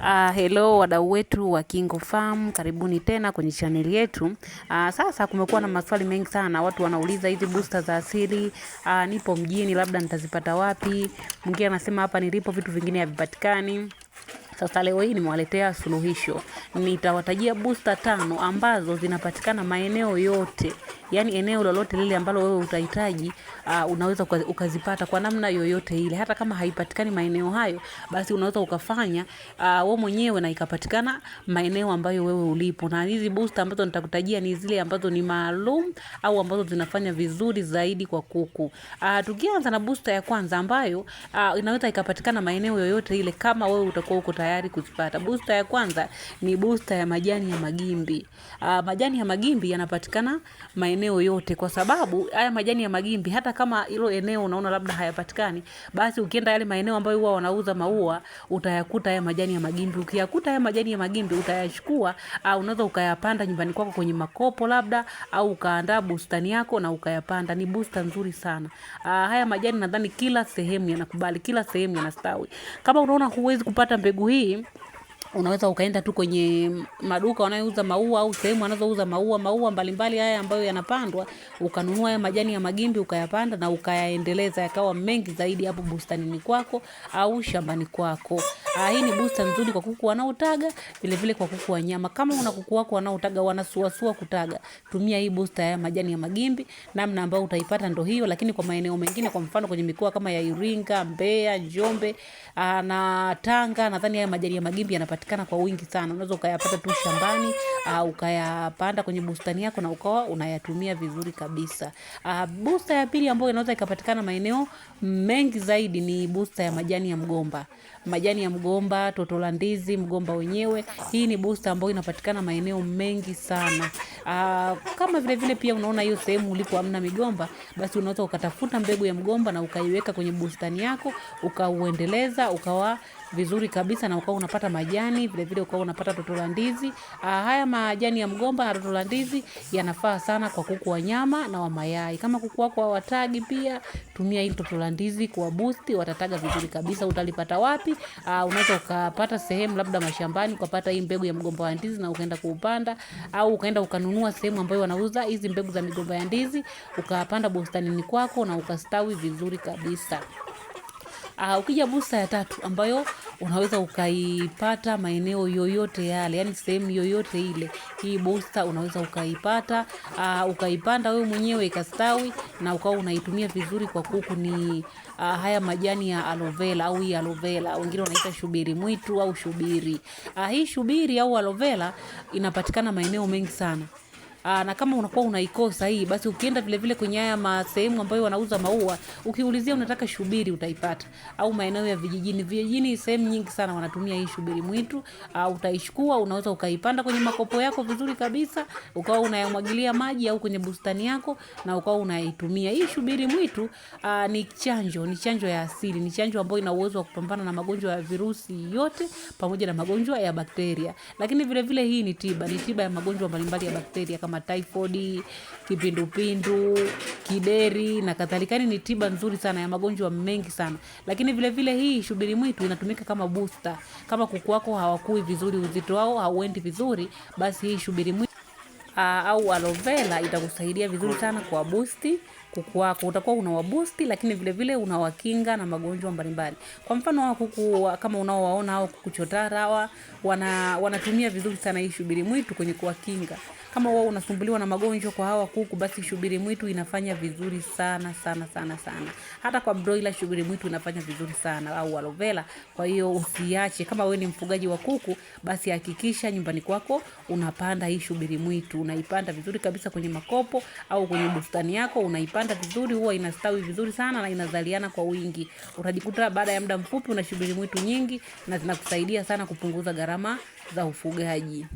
Uh, hello wadau wetu wa Kingo Farm, karibuni tena kwenye chaneli yetu. Uh, sasa kumekuwa na maswali mengi sana, watu wanauliza hizi booster za asili uh, nipo mjini, labda nitazipata wapi? Mwingine anasema hapa nilipo vitu vingine havipatikani. Sasa leo hii nimewaletea suluhisho. Nitawatajia booster tano ambazo zinapatikana maeneo yote yani eneo lolote lile ambalo wewe utahitaji uh, unaweza ukazipata kwa namna yoyote ile, hata kama haipatikani maeneo hayo, basi unaweza ukafanya uh, wewe mwenyewe na ikapatikana maeneo ambayo wewe ulipo. Na hizi booster ambazo nitakutajia ni zile ambazo ni maalum au ambazo zinafanya vizuri zaidi kwa kuku. Uh, tukianza na booster ya kwanza ambayo uh, inaweza ikapatikana maeneo yoyote ile kama wewe utakuwa uko tayari kuzipata. Booster ya kwanza ni booster ya majani ya magimbi. Uh, majani ya magimbi yanapatikana maeneo maeneo yote, kwa sababu haya majani ya magimbi, hata kama hilo eneo unaona labda hayapatikani, basi ukienda yale maeneo ambayo huwa wanauza maua utayakuta haya majani ya magimbi. Ukiyakuta haya majani ya magimbi utayachukua, au unaweza ukayapanda nyumbani kwako kwenye makopo labda, au ukaandaa bustani yako na ukayapanda. Ni busta nzuri sana. Aa, ah, haya majani nadhani kila sehemu yanakubali, kila sehemu yanastawi. Kama unaona huwezi kupata mbegu hii unaweza ukaenda tu kwenye maduka wanayouza maua au sehemu wanazouza maua maua mbalimbali haya ambayo yanapandwa, ukanunua haya majani ya magimbi ukayapanda na ukayaendeleza yakawa mengi zaidi hapo bustanini kwako au shambani kwako. Ah, hii ni booster nzuri kwa kuku wanaotaga, vile vile kwa kuku wa nyama. Kama una kuku wako wanaotaga wanasuasua kutaga, tumia hii booster ya majani ya magimbi. Namna ambayo utaipata ndo hiyo, lakini kwa maeneo mengine, kwa mfano kwenye mikoa kama ya Iringa, Mbeya, Njombe ah, na Tanga, nadhani haya majani ya magimbi yanapatikana kwa wingi sana. Unaweza ukayapata tu shambani, au ah, ukayapanda kwenye bustani yako na ukawa unayatumia vizuri kabisa. Ah, booster ya pili ambayo inaweza ikapatikana maeneo mengi zaidi ni booster ya majani ya mgomba. Majani ya mgomba mgomba, toto la ndizi, mgomba wenyewe. Hii ni booster ambayo inapatikana maeneo mengi sana. Aa, ah, kama vile vile pia unaona hiyo sehemu ulipo hamna migomba, basi unaweza ukatafuta mbegu ya mgomba na ukaiweka kwenye bustani yako, ukauendeleza ukawa vizuri kabisa, na ukawa unapata majani vile vile, ukawa unapata toto la ndizi. Ah, haya majani ya mgomba na toto la ndizi yanafaa sana kwa kuku wa nyama na wa mayai. Kama kuku wako hawatagi, pia tumia hii toto la ndizi kwa boost, watataga vizuri kabisa. Utalipata wapi? Ah, unaweza ukapata sehemu labda mashambani, ukapata hii mbegu ya mgomba wa ndizi na ukaenda kuupanda, au ukaenda ukanunua sehemu ambayo wanauza hizi mbegu za migomba ya ndizi, ukapanda bustanini kwako na ukastawi vizuri kabisa. Uh, Ukija busta ya tatu ambayo unaweza ukaipata maeneo yoyote yale, yani sehemu yoyote ile. Hii booster unaweza ukaipata uh, ukaipanda wewe mwenyewe ikastawi na ukawa unaitumia vizuri kwa kuku. Ni uh, haya majani ya aloe vera au hii aloe vera wengine wanaita shubiri mwitu au shubiri uh, hii shubiri au aloe vera inapatikana maeneo mengi sana. Aa, ah, na kama unakuwa unaikosa hii basi ukienda vile vile kwenye haya masehemu ambayo wanauza maua, ukiulizia unataka shubiri utaipata, au maeneo ya vijijini. Vijijini sehemu nyingi sana wanatumia hii shubiri mwitu. Aa, ah, utaichukua unaweza ukaipanda kwenye makopo yako vizuri kabisa, ukawa unayamwagilia maji au kwenye bustani yako na ukawa unaitumia hii shubiri mwitu. Aa, ah, ni chanjo, ni chanjo ya asili, ni chanjo ambayo ina uwezo wa kupambana na magonjwa ya virusi yote pamoja na magonjwa ya bakteria. Lakini vile vile hii ni tiba, ni tiba ya magonjwa mbalimbali ya bakteria kama kama typhoid, kipindupindu, kideri na kadhalika. Yaani ni tiba nzuri sana ya magonjwa mengi sana. Lakini vile vile hii shubiri mwitu inatumika kama booster. Kama kuku wako hawakui vizuri, uzito wao hauendi vizuri, basi hii shubiri mwitu Uh, au aloe vera itakusaidia vizuri sana kwa boost kuku wako, utakuwa boost, lakini vile vile unawakinga na magonjwa mbalimbali. Kwa mfano hao kuku kama unaowaona au kuku chotara hawa wana, wanatumia vizuri sana hii shubiri mwitu kwenye kuwakinga. Kama wewe unasumbuliwa na magonjwa kwa hawa kuku, basi shubiri mwitu inafanya vizuri sana sana sana sana. Hata kwa broiler shubiri mwitu inafanya vizuri sana au aloe vera. Kwa hiyo usiache. Kama wewe ni mfugaji wa kuku, basi hakikisha nyumbani kwako unapanda hii shubiri mwitu. Unaipanda vizuri kabisa kwenye makopo au kwenye bustani yako, unaipanda vizuri, huwa inastawi vizuri sana na inazaliana kwa wingi. Utajikuta baada ya muda mfupi una shubiri mwitu nyingi na zinakusaidia sana kupunguza gharama za ufugaji.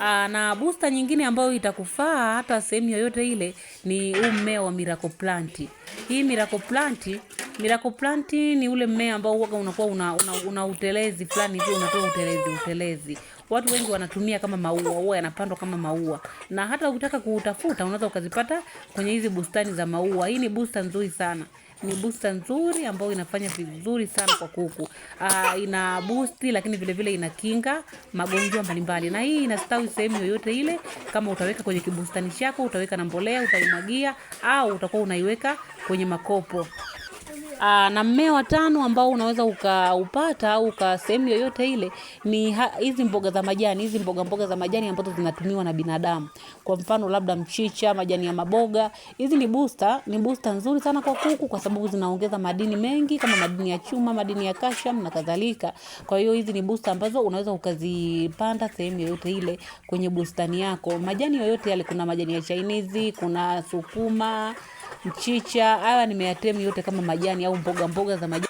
Aa, ah, na booster nyingine ambayo itakufaa hata sehemu yoyote ile ni huu mmea wa miracle plant. Hii miracle plant, miracle plant ni ule mmea ambao huwa unakuwa una, una, una utelezi fulani hivi unatoa utelezi utelezi. Watu wengi wanatumia kama maua, huwa yanapandwa kama maua. Na hata ukitaka kuutafuta unaweza ukazipata kwenye hizi bustani za maua. Hii ni booster nzuri sana ni booster nzuri ambayo inafanya vizuri sana kwa kuku. Uh, ina boost lakini vile vile inakinga magonjwa mbalimbali, na hii inastawi sehemu yoyote ile. Kama utaweka kwenye kibustani chako, utaweka na mbolea, utaimwagia au utakuwa unaiweka kwenye makopo. Aa, ah, na mmea wa tano ambao unaweza ukaupata au uka sehemu yoyote ile ni hizi mboga za majani, hizi mboga mboga za majani ambazo zinatumiwa na binadamu. Kwa mfano labda mchicha, majani ya maboga. Hizi ni booster, ni booster nzuri sana kwa kuku kwa sababu zinaongeza madini mengi kama madini ya chuma, madini ya calcium na kadhalika. Kwa hiyo hizi ni booster ambazo unaweza ukazipanda sehemu yoyote ile kwenye bustani yako. Majani yoyote yale, kuna majani ya chainizi, kuna sukuma mchicha. Haya nimeyatemi yote kama majani au mboga mboga za majani.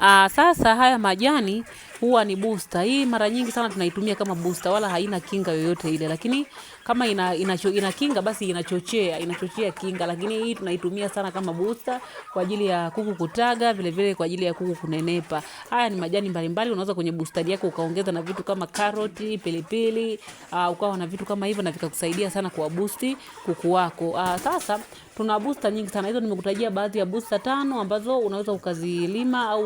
Aa, ah, sasa haya majani huwa ni booster. Hii mara nyingi sana tunaitumia kama booster, wala haina kinga yoyote ile, lakini kama ina, ina, cho, ina kinga basi inachochea inachochea kinga, lakini hii tunaitumia sana kama booster kwa ajili ya kuku kutaga, vile vile kwa ajili ya kuku kunenepa. Haya ni majani mbalimbali, unaweza kwenye booster yako ukaongeza na vitu kama karoti, pilipili, uh, ukawa na vitu kama hivyo na vikakusaidia sana kwa boost kuku wako. Uh, sasa tuna booster nyingi sana hizo, nimekutajia baadhi ya booster tano ambazo unaweza ukazilima au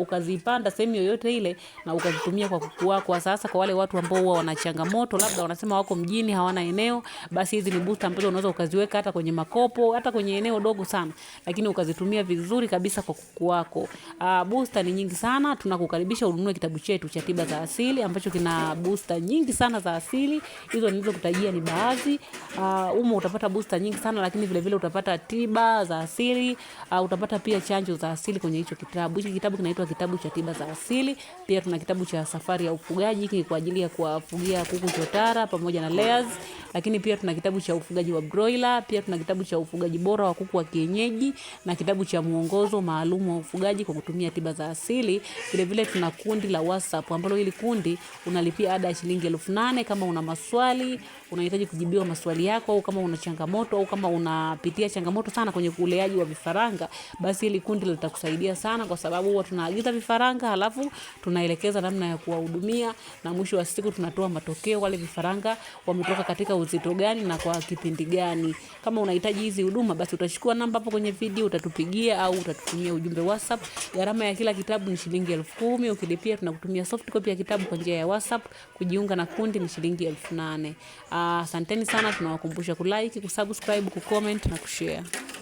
ukazipanda uka, uka sehemu yoyote ile na ukazitumia kwa kuku wako. Sasa kwa wale watu ambao huwa wana changamoto, labda wanasema wako mjini hawana eneo, basi hizi ni booster ambazo unaweza ukaziweka hata kwenye makopo, hata kwenye eneo dogo sana, lakini ukazitumia vizuri kabisa kwa kuku wako. Uh, booster ni nyingi sana. Tunakukaribisha ununue kitabu chetu cha tiba za asili ambacho kina booster nyingi sana za asili. Hizo nilizokutajia ni baadhi. Uh, ah, umo utapata booster nyingi sana lakini vile vile utapata tiba za asili. Uh, utapata pia chanjo za asili kwenye hicho kitabu. Hicho kitabu kinaitwa kitabu cha tiba za asili pilipili. Pia tuna kitabu cha safari ya ufugaji, kwa ajili ya kuwafugia kuku chotara pamoja na layers. Lakini pia tuna kitabu cha ufugaji wa broiler, pia tuna kitabu cha ufugaji bora wa kuku wa kienyeji na kitabu cha mwongozo maalum wa ufugaji kwa kutumia tiba za asili. Vile vile tuna kundi la WhatsApp ambalo hili kundi unalipia ada ya shilingi elfu nane kama una maswali, unahitaji kujibiwa maswali yako au kama una changamoto au kama unapitia changamoto sana kwenye uleaji wa vifaranga, basi hili kundi litakusaidia sana kwa sababu huwa tunaagiza vifaranga halafu tunaelekeza namna ya kuwahudumia na mwisho wa siku tunatoa matokeo, wale vifaranga wametoka katika uzito gani na kwa kipindi gani. Kama unahitaji hizi huduma, basi utachukua namba hapo kwenye video, utatupigia au utatutumia ujumbe WhatsApp. Gharama ya kila kitabu ni shilingi elfu kumi. Ukilipia tunakutumia soft copy ya kitabu kwa njia ya WhatsApp. Kujiunga na kundi ni shilingi elfu nane. Ah, asanteni sana, tunawakumbusha kulike, kusubscribe, kucomment na kushare.